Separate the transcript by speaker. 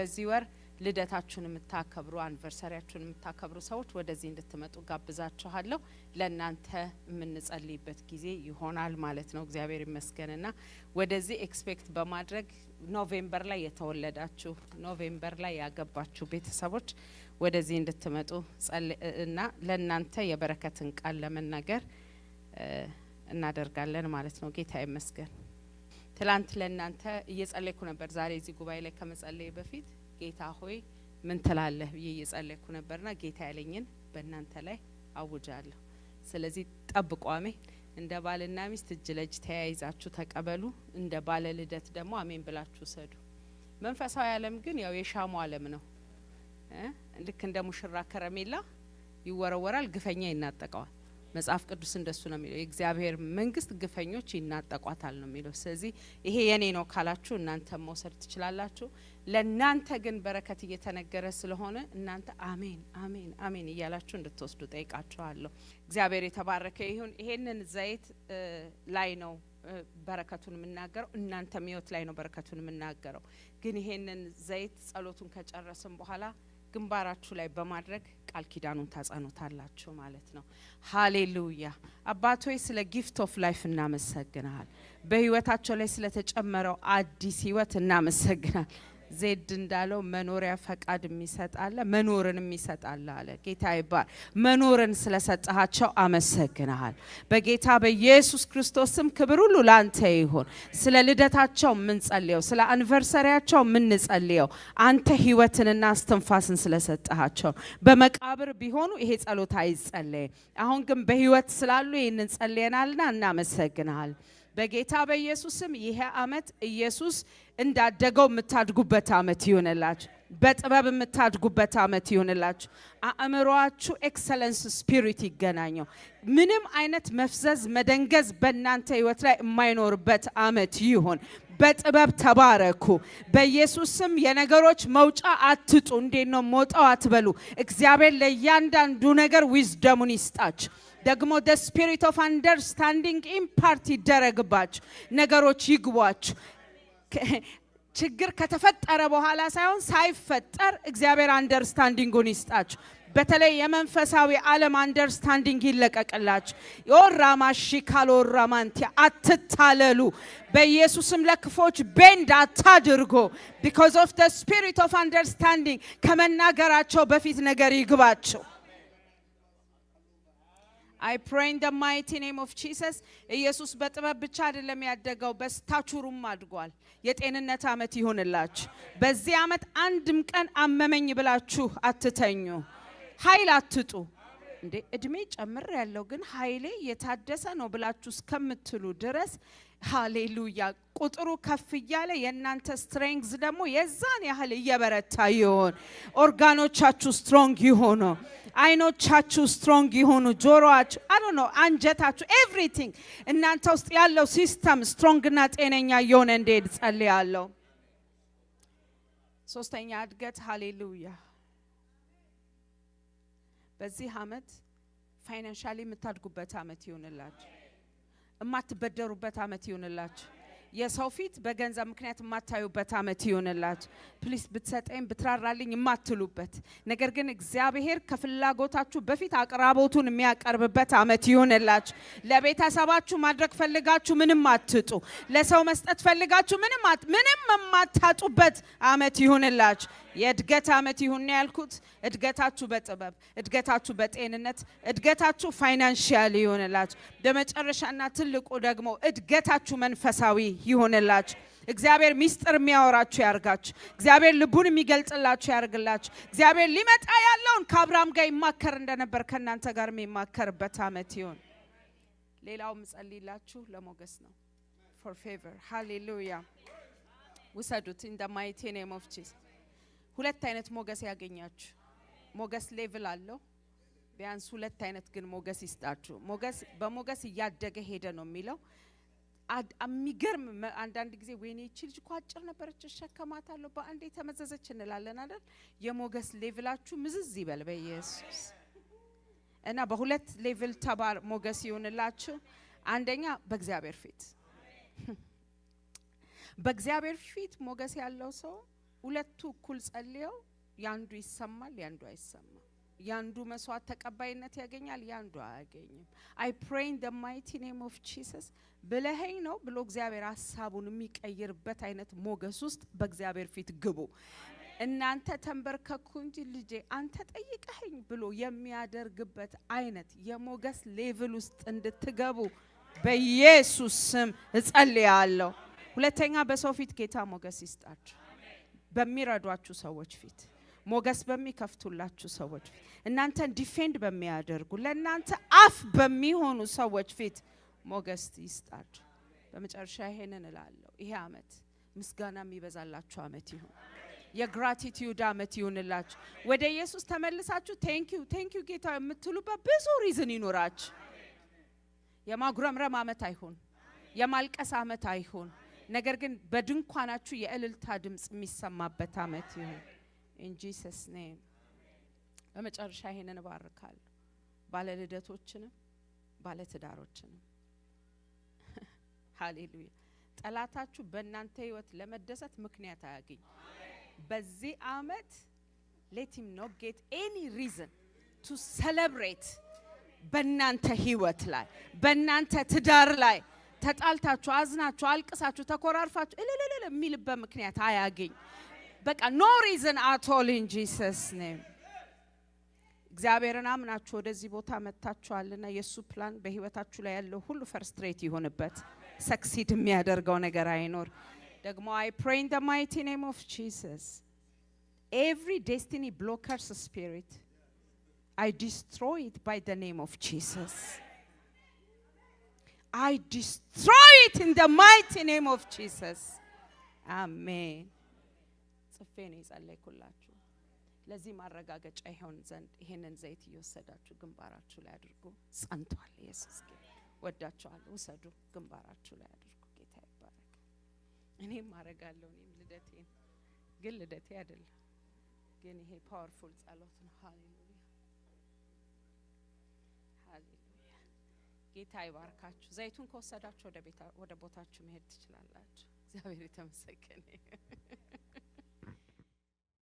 Speaker 1: በዚህ ወር ልደታችሁን የምታከብሩ አንቨርሰሪያችሁን የምታከብሩ ሰዎች ወደዚህ እንድትመጡ ጋብዛችኋለሁ። ለእናንተ የምንጸልይበት ጊዜ ይሆናል ማለት ነው። እግዚአብሔር ይመስገንና ወደዚህ ኤክስፔክት በማድረግ ኖቬምበር ላይ የተወለዳችሁ ኖቬምበር ላይ ያገባችሁ ቤተሰቦች ወደዚህ እንድትመጡ እና ለእናንተ የበረከትን ቃል ለመናገር እናደርጋለን ማለት ነው። ጌታ ይመስገን። ትላንት ለእናንተ እየጸለይኩ ነበር። ዛሬ እዚህ ጉባኤ ላይ ከመጸለይ በፊት ጌታ ሆይ ምን ትላለህ ብዬ እየጸለይኩ ነበርና ጌታ ያለኝን በእናንተ ላይ አውጃለሁ። ስለዚህ ጠብቁ። አሜን። እንደ ባልና ሚስት እጅ ለእጅ ተያይዛችሁ ተቀበሉ። እንደ ባለ ልደት ደግሞ አሜን ብላችሁ ሰዱ። መንፈሳዊ ዓለም ግን ያው የሻሙ ዓለም ነው። ልክ እንደ ሙሽራ ከረሜላ ይወረወራል፣ ግፈኛ ይናጠቀዋል። መጽሐፍ ቅዱስ እንደሱ ነው የሚለው የእግዚአብሔር መንግስት ግፈኞች ይናጠቋታል ነው የሚለው። ስለዚህ ይሄ የኔ ነው ካላችሁ እናንተ መውሰድ ትችላላችሁ። ለእናንተ ግን በረከት እየተነገረ ስለሆነ እናንተ አሜን አሜን አሜን እያላችሁ እንድትወስዱ ጠይቃችኋለሁ። እግዚአብሔር የተባረከ ይሁን። ይሄንን ዘይት ላይ ነው በረከቱን የምናገረው እናንተ ሕይወት ላይ ነው በረከቱን የምናገረው። ግን ይሄንን ዘይት ጸሎቱን ከጨረስም በኋላ ግንባራችሁ ላይ በማድረግ ቃል ኪዳኑን ታጸኑታላችሁ ማለት ነው። ሃሌሉያ። አባት ሆይ ስለ ጊፍት ኦፍ ላይፍ እናመሰግናል። በህይወታቸው ላይ ስለተጨመረው አዲስ ህይወት እናመሰግናል። ዜድ እንዳለው መኖሪያ ፈቃድ የሚሰጣለ መኖርን የሚሰጣለ አለ ጌታ ይባል። መኖርን ስለሰጠሃቸው አመሰግናሃል። በጌታ በኢየሱስ ክርስቶስም ክብር ሁሉ ለአንተ ይሁን። ስለ ልደታቸው የምንጸልየው፣ ስለ አንቨርሰሪያቸው የምንጸልየው አንተ ህይወትንና እስትንፋስን ስለሰጠሃቸው። በመቃብር ቢሆኑ ይሄ ጸሎት አይጸለይም። አሁን ግን በህይወት ስላሉ ይህንን ጸልየናልና እናመሰግናሃል። በጌታ በኢየሱስም ይሄ ዓመት ኢየሱስ እንዳደገው የምታድጉበት ዓመት ይሆነላችሁ። በጥበብ የምታድጉበት ዓመት ይሆንላችሁ አእምሮአችሁ ኤክሰለንስ ስፒሪት ይገናኘው። ምንም አይነት መፍዘዝ፣ መደንገዝ በእናንተ ህይወት ላይ የማይኖርበት ዓመት ይሁን። በጥበብ ተባረኩ። በኢየሱስ ስም የነገሮች መውጫ አትጡ። እንዴት ነው መውጣው አትበሉ። እግዚአብሔር ለእያንዳንዱ ነገር ዊዝደሙን ይስጣችሁ። ደግሞ ደ ስፒሪት ኦፍ አንደርስታንዲንግ ኢምፓርት ይደረግባችሁ። ነገሮች ይግቧችሁ። ችግር ከተፈጠረ በኋላ ሳይሆን ሳይፈጠር እግዚአብሔር አንደርስታንዲንጉን ይስጣችሁ። በተለይ የመንፈሳዊ ዓለም አንደርስታንዲንግ ይለቀቅላችሁ። የወራ ካሎራማንቲ አትታለሉ። በኢየሱስም ለክፎች ቤንድ አታድርጎ ቢኮዝ ኦፍ ደ ስፒሪት ኦፍ አንደርስታንዲንግ ከመናገራቸው በፊት ነገር ይግባቸው። አይ ፕሬይ ኢን ዘ ማይቲ ኔም ኦፍ ጂሰስ። ኢየሱስ በጥበብ ብቻ አይደለም ያደገው፣ በስታቹሩም አድጓል። የጤንነት ዓመት ይሁንላችሁ። በዚህ አመት አንድም ቀን አመመኝ ብላችሁ አትተኙ። ኃይል አትጡ። እንዴ እድሜ ጨምር ያለው ግን ኃይሌ የታደሰ ነው ብላችሁ እስከምትሉ ድረስ ሃሌሉያ፣ ቁጥሩ ከፍ እያለ የእናንተ ስትሬንግዝ ደግሞ የዛን ያህል እየበረታ ይሆን። ኦርጋኖቻችሁ ስትሮንግ ይሆኑ። አይኖቻችሁ ስትሮንግ ይሁኑ፣ ጆሮአችሁ አዶ ነው፣ አንጀታችሁ ኤቭሪቲንግ እናንተ ውስጥ ያለው ሲስተም ስትሮንግና ጤነኛ እየሆነ እንዲሄድ ጸልያለሁ። ሶስተኛ እድገት። ሀሌሉያ። በዚህ አመት ፋይናንሻሊ የምታድጉበት አመት ይሁንላችሁ። የማትበደሩበት አመት ይሁንላችሁ። የሰው ፊት በገንዘብ ምክንያት የማታዩበት አመት ይሆንላችሁ። ፕሊስ ብትሰጠኝ ብትራራልኝ የማትሉበት ነገር ግን እግዚአብሔር ከፍላጎታችሁ በፊት አቅራቦቱን የሚያቀርብበት አመት ይሆንላችሁ። ለቤተሰባችሁ ማድረግ ፈልጋችሁ ምንም አትጡ። ለሰው መስጠት ፈልጋችሁ ምንም ምንም የማታጡበት አመት ይሆንላችሁ። የእድገት ዓመት ይሁን ያልኩት እድገታችሁ በጥበብ እድገታችሁ በጤንነት እድገታችሁ ፋይናንሽያል ይሆንላችሁ። በመጨረሻና ትልቁ ደግሞ እድገታችሁ መንፈሳዊ ይሆንላችሁ። እግዚአብሔር ሚስጥር የሚያወራችሁ ያርጋችሁ። እግዚአብሔር ልቡን የሚገልጽላችሁ ያርግላችሁ። እግዚአብሔር ሊመጣ ያለውን ከአብርሃም ጋር ይማከር እንደነበር ከእናንተ ጋር የሚማከርበት አመት ይሆን። ሌላው ምጸልይላችሁ ለሞገስ ነው። ፎር ፌቨር ሃሌሉያ። ውሰዱት። ኢን ደ ኔም ኦፍ ጂስ ሁለት አይነት ሞገስ ያገኛችሁ። ሞገስ ሌቭል አለው። ቢያንስ ሁለት አይነት ግን ሞገስ ይስጣችሁ። ሞገስ በሞገስ እያደገ ሄደ ነው የሚለው የሚገርም አንዳንድ ጊዜ ወይኔ ይቺ ልጅ እኮ አጭር ነበረች እሸከማታለሁ፣ በአንድ ተመዘዘች እንላለን አይደል? የሞገስ ሌቭላችሁ ምዝዝ ይበል በኢየሱስ እና በሁለት ሌቭል ተባር ሞገስ ይሁንላችሁ። አንደኛ በእግዚአብሔር ፊት በእግዚአብሔር ፊት ሞገስ ያለው ሰው ሁለቱ እኩል ጸልየው ያንዱ ይሰማል፣ ያንዱ አይሰማም። ያንዱ መስዋዕት ተቀባይነት ያገኛል፣ ያንዱ አያገኝም። አይ ፕሬይን ደ ማይቲ ኔም ኦፍ ጂሰስ ብለኸኝ ነው ብሎ እግዚአብሔር ሀሳቡን የሚቀይርበት አይነት ሞገስ ውስጥ በእግዚአብሔር ፊት ግቡ። እናንተ ተንበርከኩ እንጂ ልጄ አንተ ጠይቀኸኝ ብሎ የሚያደርግበት አይነት የሞገስ ሌቭል ውስጥ እንድትገቡ በኢየሱስ ስም እጸልያለሁ። ሁለተኛ በሰው ፊት ጌታ ሞገስ ይስጣችሁ፣ በሚረዷችሁ ሰዎች ፊት ሞገስ በሚከፍቱላችሁ ሰዎች ፊት እናንተን ዲፌንድ በሚያደርጉ ለእናንተ አፍ በሚሆኑ ሰዎች ፊት ሞገስ ይስጣችሁ። በመጨረሻ ይሄንን እላለሁ። ይሄ አመት ምስጋና የሚበዛላችሁ አመት ይሁን። የግራቲቲዩድ አመት ይሁንላችሁ። ወደ ኢየሱስ ተመልሳችሁ ቴንኪዩ ቴንኪዩ ጌታ የምትሉበት ብዙ ሪዝን ይኖራችሁ። የማጉረምረም አመት አይሁን፣ የማልቀስ አመት አይሁን። ነገር ግን በድንኳናችሁ የእልልታ ድምፅ የሚሰማበት አመት ይሁን። ኢን ጂሰስ ኔም። በመጨረሻ ይሄንን እባርካለሁ ባለ ልደቶችንም ባለ ትዳሮችንም። ሃሌሉያ። ጠላታችሁ በእናንተ ህይወት ለመደሰት ምክንያት አያገኝ። በዚህ አመት ሌቲም ኖ ጌት ኤኒ ሪዝን ቱ ሰለብሬት በእናንተ ህይወት ላይ በእናንተ ትዳር ላይ ተጣልታችሁ፣ አዝናችሁ፣ አልቅሳችሁ፣ ተኮራርፋችሁ እልልልል የሚልበት ምክንያት አያገኝ። በቃ ኖ ሪዝን አቶል ኢን ጂሰስ ኔም። እግዚአብሔርን አምናችሁ ወደዚህ ቦታ መጥታችኋልና የእሱ ፕላን በህይወታችሁ ላይ ያለው ሁሉ ፈርስትሬት ይሆንበት። ሰክሲድ የሚያደርገው ነገር አይኖር። ደግሞ አይ ፕሬይ ኢን ዘ ማይቲ ኔም ኦፍ ጂሰስ ኤቭሪ ዴስቲኒ ብሎከርስ ስፒሪት አይ ዲስትሮይ ኢት ባይ ዘ ኔም ኦፍ ጂሰስ አይ ዲስትሮይ ኢት ኢን ዘ ማይቲ ኔም ኦፍ ጂሰስ አሜን። ጽፌ ነው የጸለይኩላችሁ። ለዚህ ማረጋገጫ ይሆን ዘንድ ይሄንን ዘይት እየወሰዳችሁ ግንባራችሁ ላይ አድርጉ። ጸንቷል። ኢየሱስ ጌ ወዳችኋል። ውሰዱ፣ ግንባራችሁ ላይ አድርጉ። ጌታ ይባረክ። እኔም አረጋለሁ። እኔም ልደቴን ግን ልደቴ አይደለም ግን ይሄ ፓወርፉል ጸሎት ነው። ሀሌሉያ ሀሌሉያ። ጌታ ይባርካችሁ። ዘይቱን ከወሰዳችሁ ወደ ቤታ ወደ ቦታችሁ መሄድ ትችላላችሁ። እግዚአብሔር የተመሰገነ